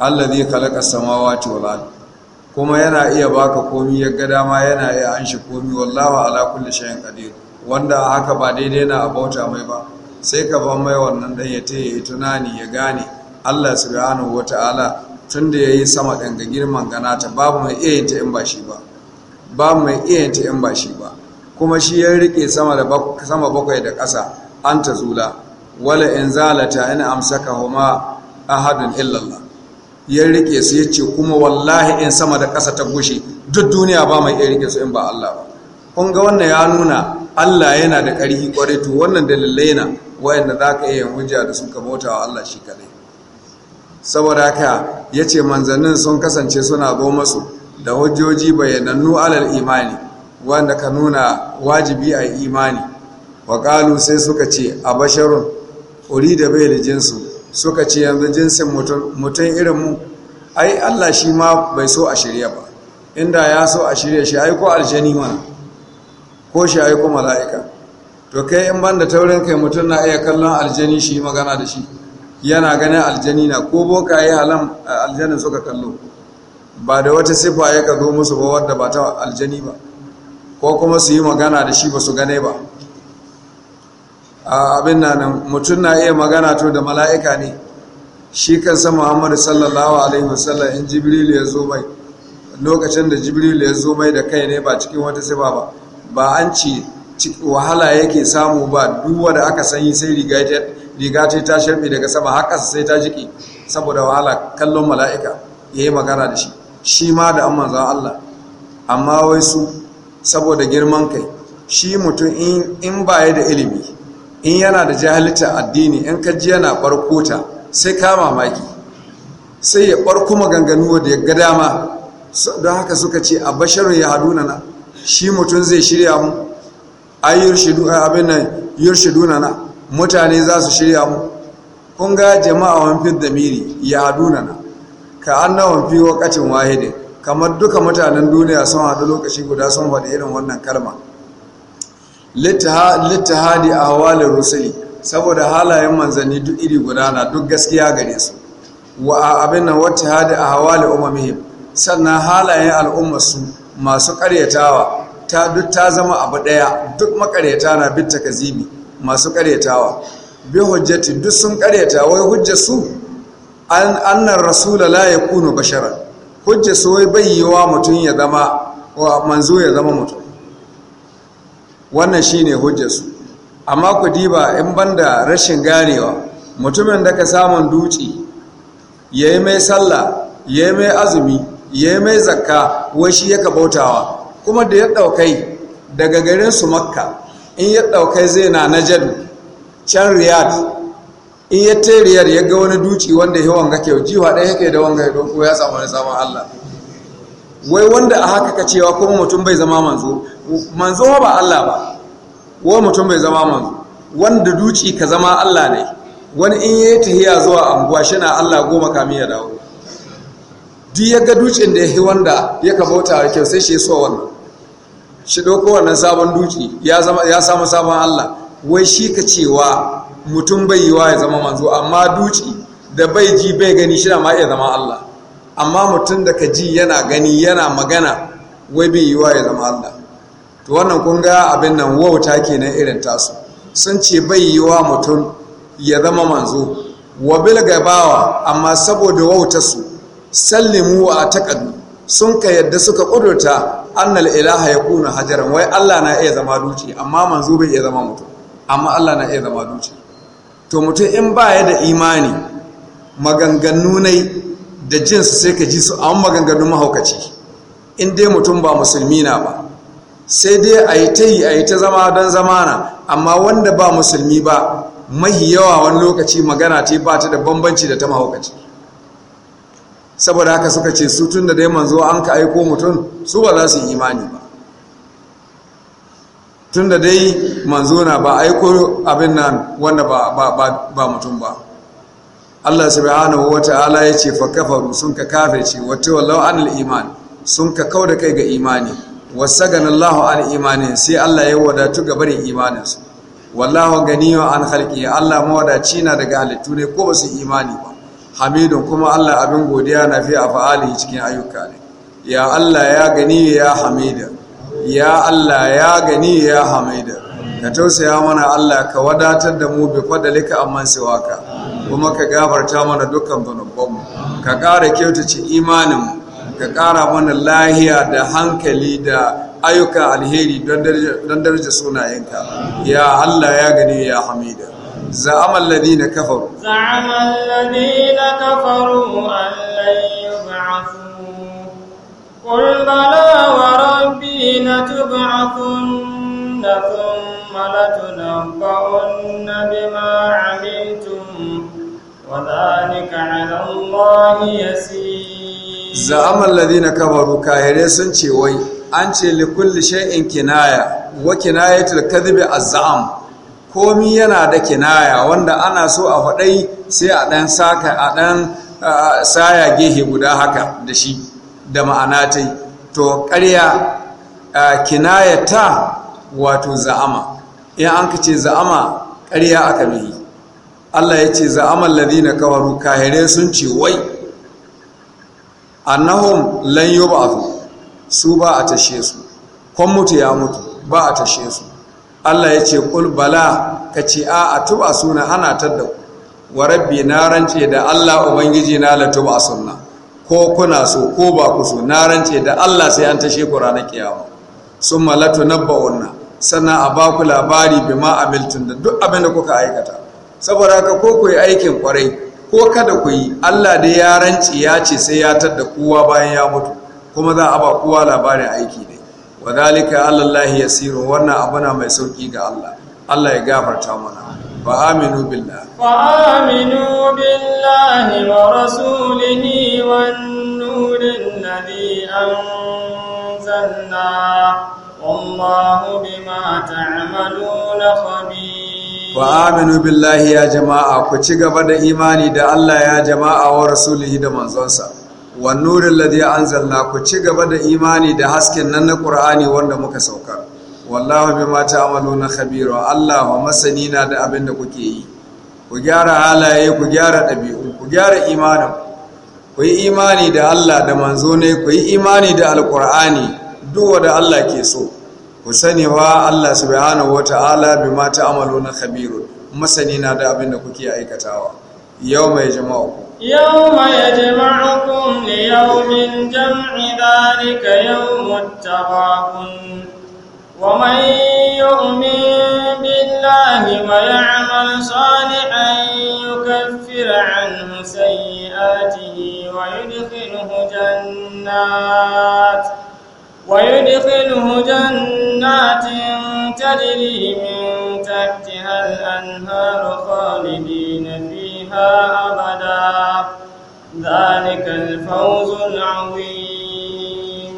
Allah zai kalaka samawa ta kuma yana iya baka komi ya ga dama yana iya anshi komi wallawa ala kulli shay'in qadir wanda haka ba daidai na abauta mai ba sai ka ban mai wannan dan ya taya tunani ya gane Allah subhanahu wataala tunda yayi sama dan ga girman ganata babu mai iya ta in ba shi ba babu mai iya ta in ba shi ba kuma shi ya rike sama bakwai da ƙasa an ta zula wala in zalata in amsaka huma ahadun illallah ya rike su ya ce kuma wallahi in sama da ƙasa ta gushe duk duniya ba mai iya rike su in ba Allah ba kun ga wannan ya nuna Allah yana da ƙarfi ƙwarai to wannan dalilai na wayanda za ka iya hujja da suka motawa wa Allah shi kadai saboda haka ya ce manzannin sun kasance suna zo masu da hujjoji bayyanannu alal imani wanda ka nuna wajibi a imani wa sai suka ce a basharun uri da bai da jinsu suka ce yanzu jinsin mutum irin mu ai Allah shi ma bai so a shirya ba inda ya so a shirya shi aiko ko aljani mana ko shi aiko mala'ika to kai in banda taurin kai mutum na iya kallon aljani shi magana da shi yana ganin aljani na ko boka yi halan aljanin suka kallo ba da wata sifa ya ka zo musu ba wadda ba ta aljani ba ko kuma su yi magana da shi ba su gane ba abin nan mutum na iya magana to da mala'ika ne shi kansa muhammadu sallallahu alaihi wasallam in jibril ya zo mai lokacin da jibril ya zo mai da kai ne ba cikin wata sifa ba ba an ci wahala yake samu ba duwa da aka sanyi sai riga ce ta sharbe daga sama haka sai ta jiki saboda wahala kallon mala'ika ya yi magana da shi shi ma da an manzan Allah amma wai su saboda girman kai shi mutum in ba ya da ilimi in yana da jahilcin addini in kaji ji yana barkota sai ka mamaki sai ya barko maganganu da ya ga dama don haka suka ce a basharun ya haduna na shi mutum zai shirya mu a abin nan yurshiduna na mutane za su shirya mu kun ga jama'a wamfin miri, ya haduna na ka an na wamfi wakacin wahidin kamar duka mutanen duniya sun haɗu lokaci guda sun faɗi irin wannan kalma littahadi a hawalin rusuli saboda halayen manzanni duk iri guda na duk gaskiya gare su wa abin nan wata hadi a hawali umamihim sannan halayen al'ummarsu masu karyatawa ta duk ta zama abu daya duk makaryata na bitta kazibi masu karyatawa bi hujjati duk sun karyata wai hujja su an annar rasula la yakunu basharan hujja su wai bai yiwa mutum ya zama wa manzo ya zama mutum wannan shine hujjarsu amma ku diba in banda rashin ganewa mutumin da ka samun duci ya yi mai sallah ya yi mai azumi ya yi mai zakka wai shi yaka bautawa kuma da ya ɗaukai daga garin su makka in ya ɗaukai zai na Jan can riyad in ya ta Riyad ya ga wani duci wanda ya wanga kyau jiwa ɗaya yake da wanga ya doko ya samu wani allah wai wanda a haka ka cewa kuma mutum bai zama manzo manzo ba Allah ba wa mutum bai zama manzo wanda duci ka zama Allah ne wani in yayi tahiya zuwa anguwa na Allah goma kami ya dawo duk ya ga ducin da yayi wanda ya ka bauta kyau sai shi so wannan shi doko wannan sabon duci ya samu sabon Allah wai shi ka cewa mutum bai yi wa ya zama manzo amma duci da bai ji bai gani shi na ma iya zama Allah amma mutum da ka ji yana gani yana magana wai bai yiwa ya zama Allah to wannan kun ga abin nan wauta kenan irin tasu sun ce bai yiwa mutum ya zama manzo wa bil gabawa amma saboda wauta su sallimu wa taqaddu sun ka yadda suka kudurta annal ilaha kuna hajaran wai Allah na iya zama duci amma manzo bai iya zama mutum amma Allah na iya zama duci to mutum in baya da imani maganganu nai da jinsu sai ka ji su an maganganun mahaukaci in dai mutum ba musulmi na ba sai dai a yi ta yi a yi ta zama don zamana amma wanda ba musulmi ba mahi yawa wani lokaci magana ta ba ta da bambanci da ta mahaukaci saboda haka suka ce su tun da dai manzo an ka aiko mutum su ba za su yi imani ba tun da dai manzo na ba aiko abin nan wanda ba mutum ba Allah subhanahu wa ta'ala ya ce fa sun ka kafirce wata wallawa an iman sun ka da kai ga imani ganin Lahu an imani sai Allah ya wadatu gabarin barin imaninsu wallahu wa an halki Allah mawadaci na daga halittu ne ko ba su imani ba hamidun kuma Allah abin godiya na fi a fa’ali cikin ayyuka ne ya Allah ya gani ya hamida ya Allah ya gani ya hamida ka tausaya mana Allah ka wadatar da mu bi fadalika amman siwaka kuma ka gafarta mana dukkan zunubanmu ka ƙara kyautace imanin ka ƙara mana lahiya da hankali da ayyuka alheri don daraja sunayenka ya Allah ya gani ya hamida za'ama alladhina kafaru za'ama alladhina kafaru an lan yub'athu qul bala wa rabbi latub'athunna thumma latunabba'unna bima 'amiltum وذلك على الله يسير زعم الذين كفروا sun ce wai an ce li kulli kinaya wa ka zube a zaam komi yana da kinaya wanda ana so a faɗai sai a ɗan saka a ɗan saya gehe guda haka da shi da ma'ana ta to ƙarya kinaya ta wato za'ama in an ka ce za'ama ƙarya aka mihi Allah ya ce za za'amal ladina kawaru kahire sun ce wai annahum lan yub'athu su ba a tashe su kon mutu ya mutu ba a tashe su Allah ya ce kul bala ka ce a a tuba suna ana tadda ku wa rabbi na rance da Allah ubangiji na la tuba sunna ko kuna so ko ba ku so na rance da Allah sai an tashe ku ranar kiyama summa latunabba'unna sannan a ba ku labari bima amiltun da duk abin da kuka aikata saboda ka ko ku yi aikin kwarai ko kada ku yi Allah dai ya ranci ya ce sai ya tadda kowa bayan ya mutu kuma za a ba kowa labarin aiki ne wa zalika allallahi yasirun wannan abuna mai sauki ga Allah Allah ya gafarta mana fa aminu billah fa aminu billahi wa rasulihi wan nurin ladhi anzalna wallahu bima ta'maluna khabir wa aminu billahi ya jama'a ku ci gaba da imani da Allah ya jama'a wa rasulihi da manzonsa wa nurin ladhi anzalna ku ci gaba da imani da hasken nan na ƙur'ani wanda muka saukar wallahu amalu na khabiru Allah wa masani na da abin da kuke yi ku gyara halaye ku gyara ɗabi'u ku gyara imanin ku yi imani da Allah da manzonai, ne ku yi imani da alƙur'ani duk wanda Allah ke so ku sani wa Allah subhanahu wata'ala bi ma na khabir masani na da abin da kuke aikatawa Yau mai yawma yajma'ukum yawma yajma'ukum li yawmin jam'i dalika yawmut taghabun wa man yu'min billahi wa ya'mal salihan yukaffir 'anhu sayyi'atihi wa yudkhiluhu jannat wa yudkhiluhu jannat جنات تجري من تحتها الأنهار خالدين فيها أبدا ذلك الفوز العظيم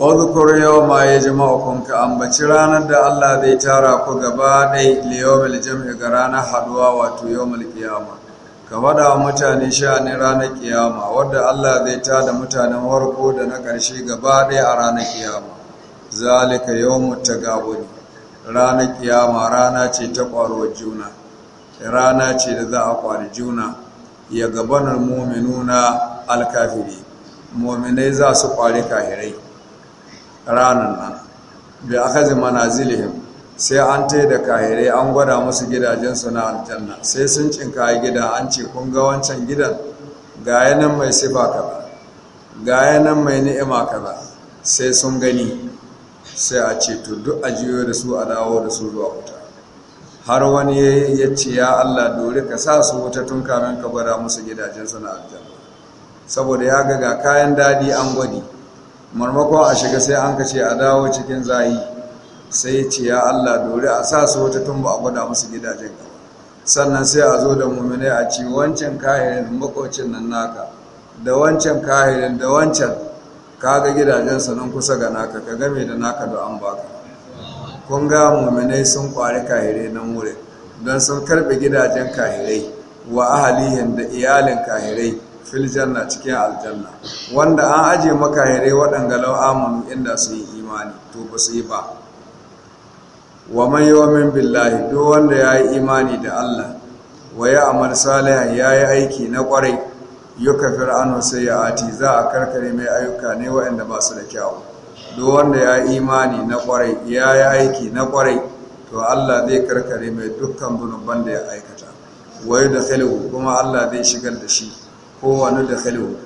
اذكر يوم يجمعكم كأنبتي ranar da Allah zai tara ku gaba ɗai liyomil jam'i ga ranar haduwa wato yawmil qiyama ka faɗa wa mutane sha'anin ranar kiyama wadda Allah zai ta da mutanen warko da na ƙarshe gaba ɗaya a ranar kiyama zalika yawmut tagabuni ranar kiyama rana ce ta kwaruwar juna rana ce da za a kwari juna ya gabanar mu'minuna alkafiri mu'minai za su kwari kahirai ranan nan bi akazi manazilihim sai an tai da kahirai an gwada musu gidajensu na aljanna sai sun cinka gida an ce kun ga wancan gidan ga yanan mai sifa kaza ga yanan mai ni'ima kaza sai sun gani sai a ce to duk a jiyo da su a dawo da su zuwa wuta har wani ya ce ya Allah dore ka sa su wuta tun kamin ka bara musu gidajensu na aljanna saboda ya ga ga kayan daɗi an gwadi marmakon a shiga sai an kace a dawo cikin zahi sai ya ce ya Allah dore a sa su wuta tun ba a gwada musu gidajen sannan sai a zo da mummune a ci wancan kahirin makocin nan naka da wancan kahirin da wancan Ka ga gidajensu nan kusa ga naka ka game da naka da an baka kun ga muminai sun kwari kahirai nan wurin don sun karbe gidajen kahirai wa ahalihin da iyalin kahirai fil janna cikin aljanna wanda an aje makahirai waɗanga lau amanu inda su yi imani to ba su yi ba wa man yu'min billahi duk wanda ya yi imani da Allah wa ya amal salihan ya yi aiki na kwarai? yuka fir'anu sai ya ati za a karkare mai ayyuka ne waɗanda ba su da kyawu duk wanda ya imani na kwarai ya yi aiki na kwarai to Allah zai karkare mai dukkan zunuban da ya aikata wai da khalihu kuma Allah zai shigar da shi kowane da khalihu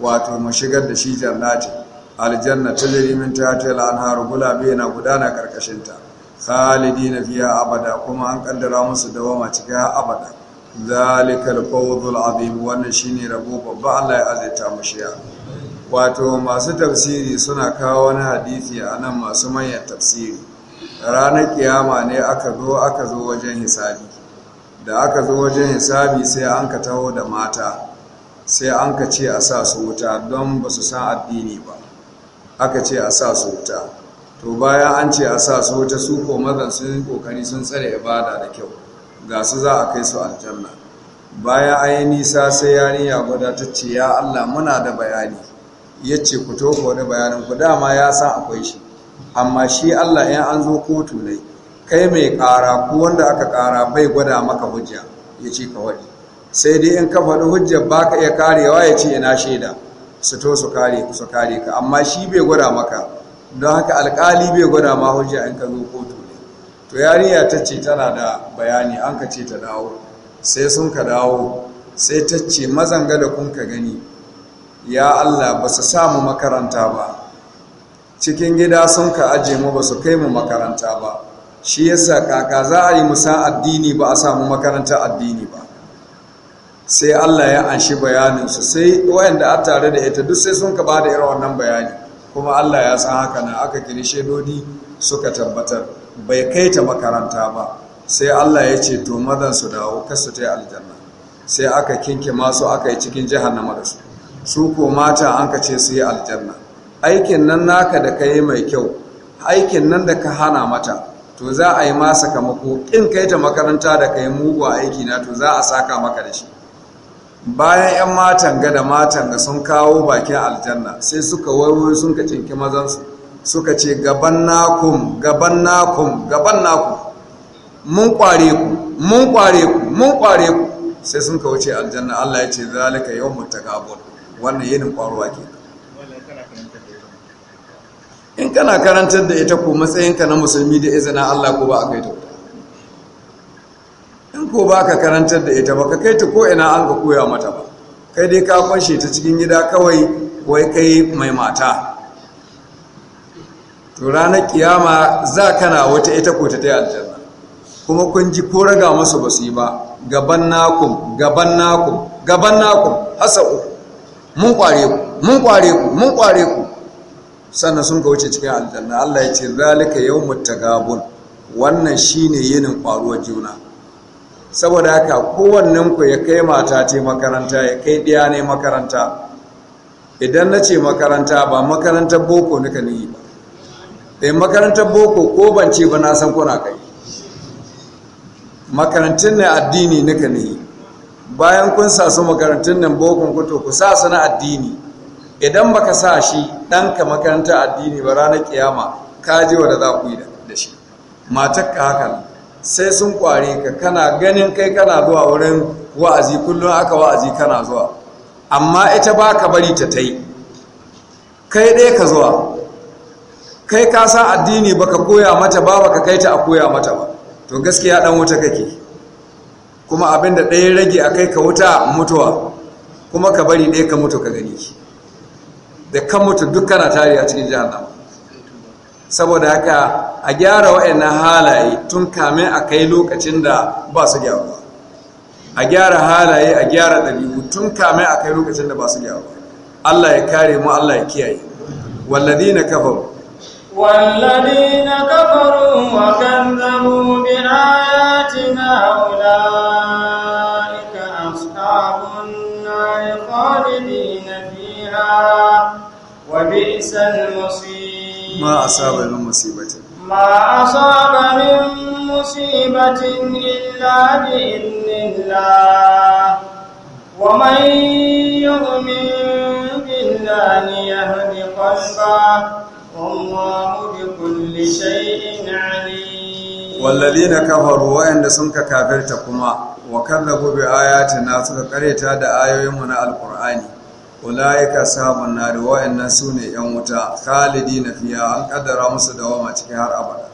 wato mu shigar da shi jannati aljanna ta jirimin ta ta al'anharu gulabe yana gudana karkashinta khalidina fiya abada kuma an kaddara musu dawama cikin abada zalikal fawzul azim wannan shine rabo babba Allah ya azaita mu wato masu tafsiri suna kawo wani hadisi a nan masu manyan tafsiri ranar kiyama ne aka zo aka zo wajen hisabi da aka zo wajen hisabi sai an ka taho da mata sai an ka ce a sa su wuta don ba su san addini ba aka ce a sa su wuta to bayan an ce a sa su wuta su ko mazan sun yi kokari sun tsare ibada da kyau ga su za a kai su aljanna baya an yi nisa sai yarinya gwada ta ce ya allah muna da bayani ya ce ku to ku wani bayanin ku dama ya san akwai shi amma shi allah in an zo kotu ne kai mai kara ko wanda aka kara bai gwada maka hujja ya ce ka wadi sai dai in ka faɗi hujjar ba ka iya karewa ya ce ina shaida su to su kare su kare ka amma shi bai gwada maka don haka alkali bai gwada ma hujja in ka zo kotu to yariya ta ce tana da bayani an ka ce ta dawo sai sun ka dawo sai ta ce mazanga da kun ka gani ya allah ba su samu makaranta ba cikin gida sun ka aje mu ba su kai mu makaranta ba shi yasa kaka za a yi musa addini ba a samu makaranta addini ba sai allah ya anshi bayaninsu sai wayanda a tare da ita duk sai sun ka ba da irin wannan bayani kuma allah ya san haka na aka kiri shedodi suka tabbatar bai kai ta makaranta ba sai Allah ya ce to madan su dawo kasu ta aljanna sai aka kinke masu aka yi cikin jahannama da su su ko mata an ka ce su yi aljanna aikin nan naka da ka yi mai kyau aikin nan da ka hana mata to za a yi ma sakamako in kai ta makaranta da ka yi mugu aiki na to za a saka maka da shi bayan 'yan matan ga da matan ga sun kawo bakin aljanna sai suka wayo sun ka cinki mazansu suka ce gaban nakum gaban nakum gaban nakum mun kware ku mun kware ku mun kware ku sai sun ka wuce aljanna Allah ya ce zalika yawm tagabun wannan yinin kwarwa ke in kana karantar da ita ko matsayinka na musulmi da izina Allah ko ba kai ta in ko ba ka karantar da ita ba ka kai ta ko ina an ga koya mata ba kai dai ka kwashe ta cikin gida kawai wai kai mai mata to ranar kiyama za kana wata ita ko ta taya aljanna kuma kun ji ko raga masu ba su yi ba gaban nakum gaban nakum gaban nakum hasa uku mun kware ku mun kware ku mun kware ku sannan sun ka wuce cikin aljanna Allah ya ce zalika yawmut tagabun wannan shine yinin kwaruwar juna saboda haka kowannen ku ya kai mata ce makaranta ya kai ɗiya ne makaranta idan na ce makaranta ba makarantar boko nika ne ba E makarantar boko ko ban ce ba na san kuna kai makarantun na addini nika ne bayan kun sa su makarantun nan bokon kuto ku sa su na addini idan baka sa shi ɗanka makarantar addini ba ranar kiyama ka wa da za ku yi da shi ka haka sai sun kware ka kana ganin kai kana zuwa wurin wa'azi kullum aka wa'azi kana zuwa amma ita ba ka bari ta tai kai ɗaya ka zuwa kai ka sa addini baka koya mata ba baka kai ta a koya mata ba to gaskiya dan wuta kake kuma abinda ɗaya rage a kai ka wuta mutuwa kuma ka bari ɗaya ka mutu ka gani da kan mutu duk kana tari a cikin jahannama saboda haka a gyara wa'annan halaye tun kamin a kai lokacin da ba su gyaruwa a gyara halaye a gyara ɗabi'u tun kamin a kai lokacin da ba su gyaruwa Allah ya kare mu Allah ya kiyaye walladina kafaru والذين كفروا وكذبوا بآياتنا أولئك أصحاب النار خالدين فيها وبئس المصير ما أصاب من مصيبة ما أصاب من مصيبة إلا بإذن الله ومن يؤمن بالله يهد قلبه na كفروا وين da sun ka kafirta kuma wa kadzabu bi ayatina suka kareta da ayoyin mu na alqur'ani ulaika sabun nar wa inna sunne yan wuta khalidina fiha an qaddara musu dawama cikin har abada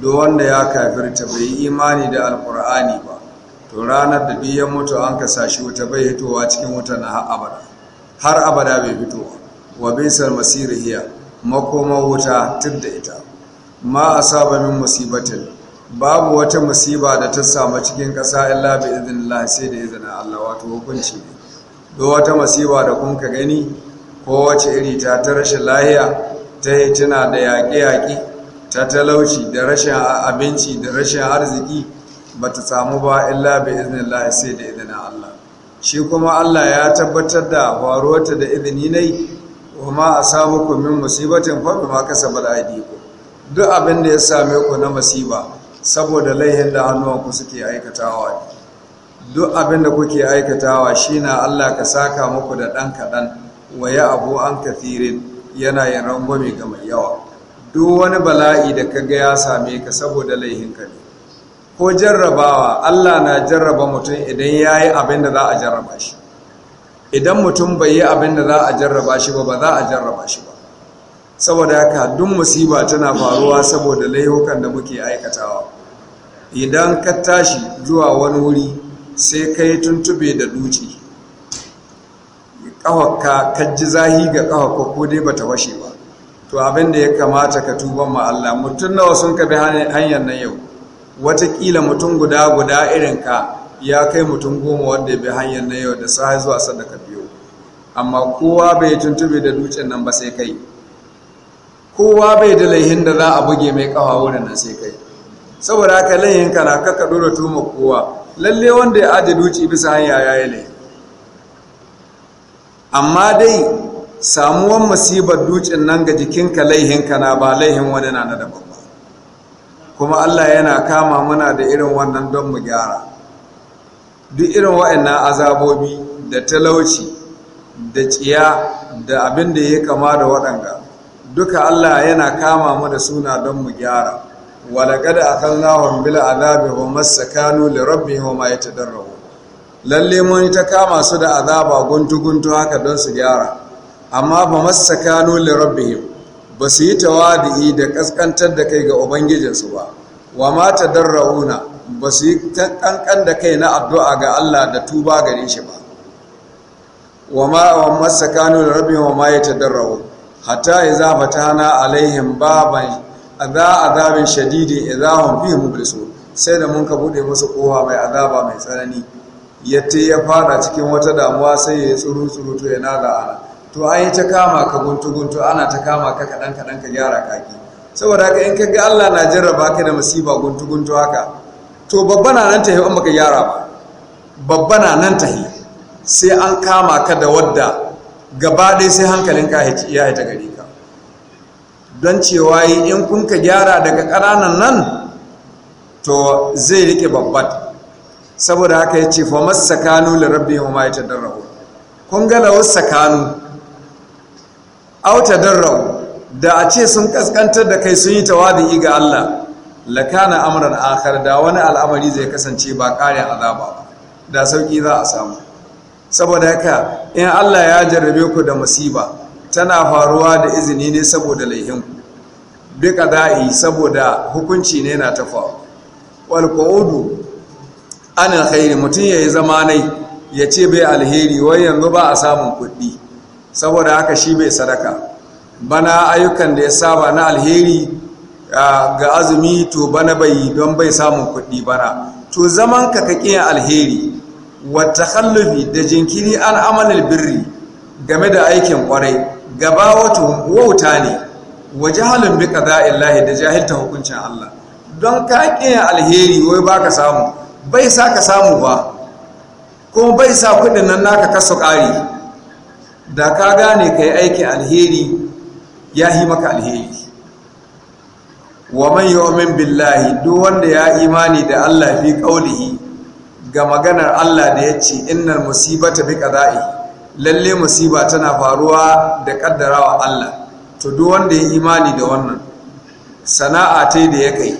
do wanda ya kafirta bai imani da alqur'ani ba to ranar da biyan mutu an ka sashi wuta bai fitowa cikin wuta na har abada har abada bai fitowa wa bisal masirihiya makoma wuta tun da ita ma saba min musibatin babu wata musiba da ta samu cikin ƙasa illa bi Allah sai da izinin Allah wato hukunci ne do wata musiba da kun ka gani kowace iri ta ta rashin lahiya ta hituna da yaƙe yaƙi ta talauci da rashin abinci da rashin arziki ba ta samu ba illa bi Allah sai da izinin Allah shi kuma Allah ya tabbatar da faruwarta da izini nai wa ma asabakum min musibatin kasa bima kasabat ku duk abin da ya same ku na masiba saboda laihin da hannuwanku suke aikatawa duk abin da kuke aikatawa shi na Allah ka saka muku da ɗan kaɗan wa abu an kafirin yana yin rangwami ga mai yawa duk wani bala'i da kaga ya same ka saboda laihin ka, ne ko jarrabawa Allah na jarraba mutum idan ya yi abin da za a jarraba shi idan mutum bai yi abin da za a jarraba shi ba ba za a jarraba shi ba saboda haka duk musiba tana faruwa saboda laihukan da muke aikatawa idan ka tashi zuwa wani wuri sai ka yi tuntube da duci ƙawaka ka ji zahi ga ƙawaka ko dai ba ta washe ba to abin da ya kamata ka tuban ma Allah mutum nawa sun ka bi hanyar nan yau Wataƙila mutum guda guda irin ka ya kai mutum goma wanda ya bi hanyar na yau da sahi zuwa sadaka biyu amma kowa bai tuntube da dutsen nan ba sai kai kowa bai da laihin da za a buge mai kawa wurin nan sai kai saboda haka laihin ka na kaka dora tuma kowa lalle wanda ya ajiye duci bisa hanya ya yi amma dai samuwan masibar dutsen nan ga jikinka laihin ka na ba laihin wani na na daban kuma Allah yana kama muna da irin wannan don mu gyara duk irin wa'annan azabobi da talauci da ciya, da abin da ya kama da waɗanga duka Allah yana kama mu da suna don mu gyara walaƙada a kan nahon bila azabi wa masu kanu da rabbi wa ma ya lalle mun ta kama su da azaba guntu-guntu haka don su gyara amma ba masu kanu da rabbi ba su yi tawadi da kaskantar da kai ga ubangijinsu ba wa ma ta ra'una? ba su yi kankan da kai na addu'a ga Allah da tuba gare shi ba wa ma wa masakanu da rabin wa ma ya tadarrawo hata yi za fatana alaihin baban azabin shadidin idahum fihi mublisun sai da mun ka buɗe masu kowa mai azaba mai tsanani yatte ya fara cikin wata damuwa sai ya tsuru tsuru to ya naga ana to an yi ta kama ka guntu guntu ana ta kama ka kaɗan kaɗan ka gyara kaki saboda haka in ka ga Allah na jarraba ka da masifa guntu guntu haka to babba na nan tahi an baka gyara ba babba na nan tahi sai an kama ka da wadda gaba ɗaya sai hankalin ka ya haita gari ka don cewa yi in kun ka gyara daga ƙananan nan to zai rike babba saboda haka ya ce fa masakanu li rabbihim ma yatadarru kun gana wasu sakanu Auta tadarru da a ce sun kaskantar da kai sun yi tawadi ga Allah lakana amran akhar da wani al'amari zai kasance ba ƙarin azaba da sauki za a samu saboda haka in Allah ya jarrabe ku da musiba tana faruwa da izini ne saboda ku. Duka qada'i saboda hukunci ne na tafa wal qu'udu an alkhairi mutum yayi zamanai ya ce bai alheri wai yanzu ba a samun kuɗi saboda haka shi bai sadaka bana ayyukan da ya saba na alheri ga azumi to bana bai don bai samun kuɗi bana to zaman ka kaƙi alheri wata hallubi da jinkiri an birri game da aikin kwarai gaba wato wauta ne waje halin bi illahi da jahilta hukuncin Allah don ka ƙi alheri wai ba ka samu bai sa ka samu ba kuma bai sa kuɗin nan naka kasu ƙari da ka gane ka yi aikin alheri ya yi maka alheri wa man yu'min billahi duk wanda ya imani da Allah fi qaulihi ga maganar Allah da yace innal musibata bi qada'i lalle musiba tana faruwa da kaddarawa Allah to duk wanda ya imani da wannan sana'a ta da ya kai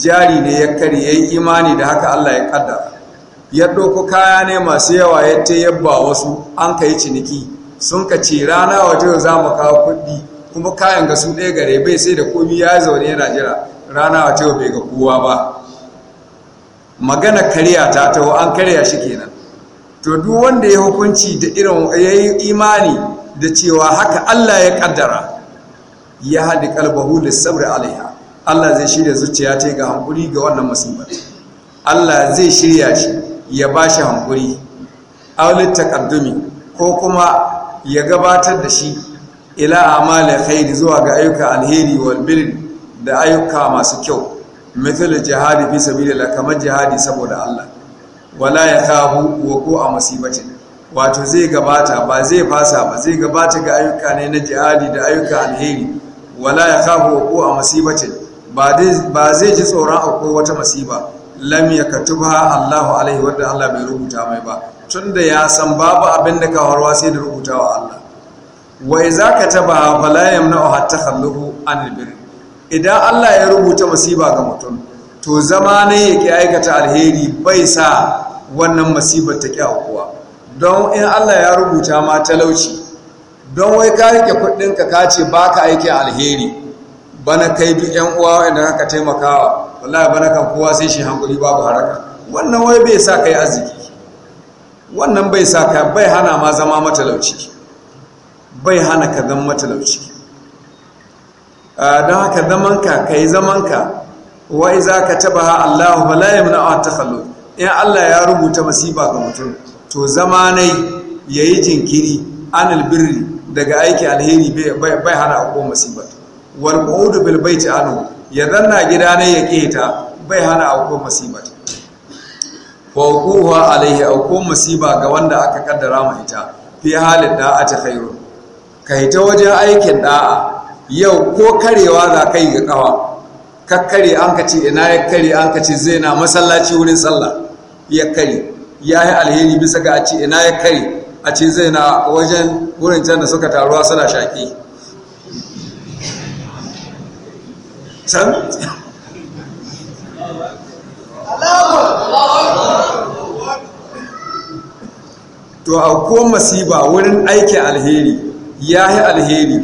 jari ne ya kare yayi imani da haka Allah ya kaddara ya doko kaya ne masu yawa ya ta yabba wasu an kai ciniki sun kace, rana waje za mu kawo kuɗi kuma kayan ga su ɗaya gare bai sai da komi ya yi zaune yana jira rana a cewa bai ga kowa ba magana karya ta taho an karya shi kenan to duk wanda ya hukunci da irin ya yi imani da cewa haka Allah ya kaddara ya haɗi kalbahu da sabri alaiha Allah zai shirya zuciya ta ga hankuri ga wannan musulman. Allah zai shirya shi ya ba shi hankuri aulit takaddumi ko kuma ya gabatar da shi ila amali khairi zuwa ga ayyuka alheri wal bir da ayyuka masu kyau mithal jihadi fi sabilillah kamar jihadi saboda Allah wala yakhafu wa a musibati wato zai gabata ba zai fasa ba zai gabata ga ayyuka ne na jihadi da ayyuka alheri wala yakhafu wa a musibati ba zai ji tsoron akwai wata masiba lam yakatubha Allahu alaihi wa Allah bai rubuta mai ba tunda ya san babu abin da ka harwa sai da rubutawa Allah wai za ka taba falayam na ohatta kalluhu an idan allah ya rubuta masiba ga mutum to zama ne ya ki aikata alheri bai sa wannan masibar ta kyau kuwa. don in allah ya rubuta ma talauci don wai ka rike kuɗinka ka ce ba ka aikin alheri bana kai bi yan uwa inda haka taimakawa wallahi bana kan kowa sai shi hankuli babu haraka wannan wai bai sa kai arziki wannan bai sa ka bai hana ma zama matalauci bai hana ka zama matalauci don haka zamanka ka yi zamanka wai za ka taba ha allahu ba layi muna a kallo. in allah ya rubuta masifa ga mutum to zama ya yi jinkiri an daga aiki alheri bai hana a ko masifa wal ƙudu bil ci anu ya zanna gida ne ya ta, bai hana a ko masifa wa alaihi a ko masiba ga wanda aka kaddara mai ita fi halin da a ta khairu ka hita wajen aikin da'a yau ko karewa za ka yi ga kawa kakkare an ka ce ina ya kare an ka ce zai na masallaci wurin sallah ya kare ya yi alheri bisa ga a ce ina ya kare a ce zai na wajen wurin can da suka taruwa suna shaƙi to a ko masiba wurin aikin alheri ya yi alheri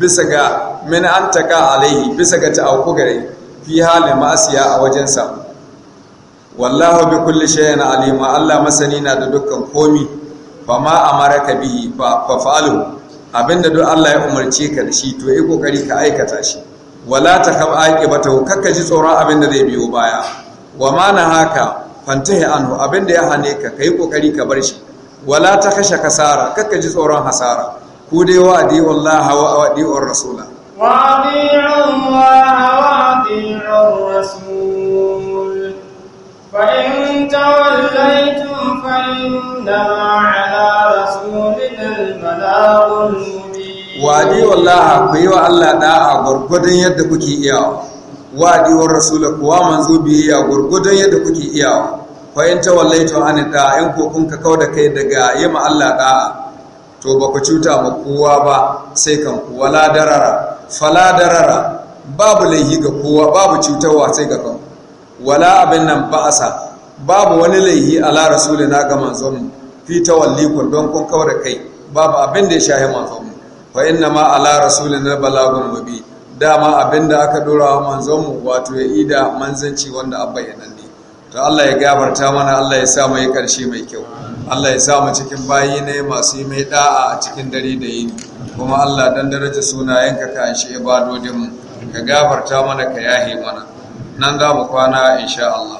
bisa ga min an taƙa alaihi bisa ga ta'auku gare fi halin ma'asiya a wajensa wallahu bi kulli shay'in alima Allah masani na da dukkan komi fa ma amaraka bihi fa fa'alu abinda duk Allah ya umarce ka da shi to yi kokari ka aikata shi wala ta takhab aqibatahu kakka ji tsoron abinda zai biyo baya wa ma haka fantahi anhu abinda ya hane ka ka yi kokari ka bar shi wala ta kashe kasara kakka ji tsoron hasara ku dai wa adi wallahi hawa a rasula wa adi Allah wa adi rasul fa in ku yi wa Allah da'a gwargwadon yadda kuke iyawa wa adi wa rasula kuwa manzo ya gwargwadon yadda kuke iyawa fa in tawallaytum an da'a 'yan ko kun da kai daga yima Allah da'a to ba ku cuta ma kowa ba sai kan kuwa ladarara faladarara babu laihi ga kowa babu cutarwa sai ga kan wala abin nan ba'asa babu wani laihi ala na ga manzonmu fi tawallikun don kun kawar da kai babu abin da ya shahi mu. fa inna ma ala na balagun mubi dama abin da aka dora wa mu wato ya ida manzanci wanda abba yanan to Allah ya gabarta mana Allah ya sa mu yi ƙarshe mai kyau Allah ya sa mu cikin bayi ne masu yi mai da'a a cikin dare da yini kuma Allah dan daraja sunayenka ka anshi ibadodinmu ka gabarta mana ka yahe mana nan za mu kwana insha Allah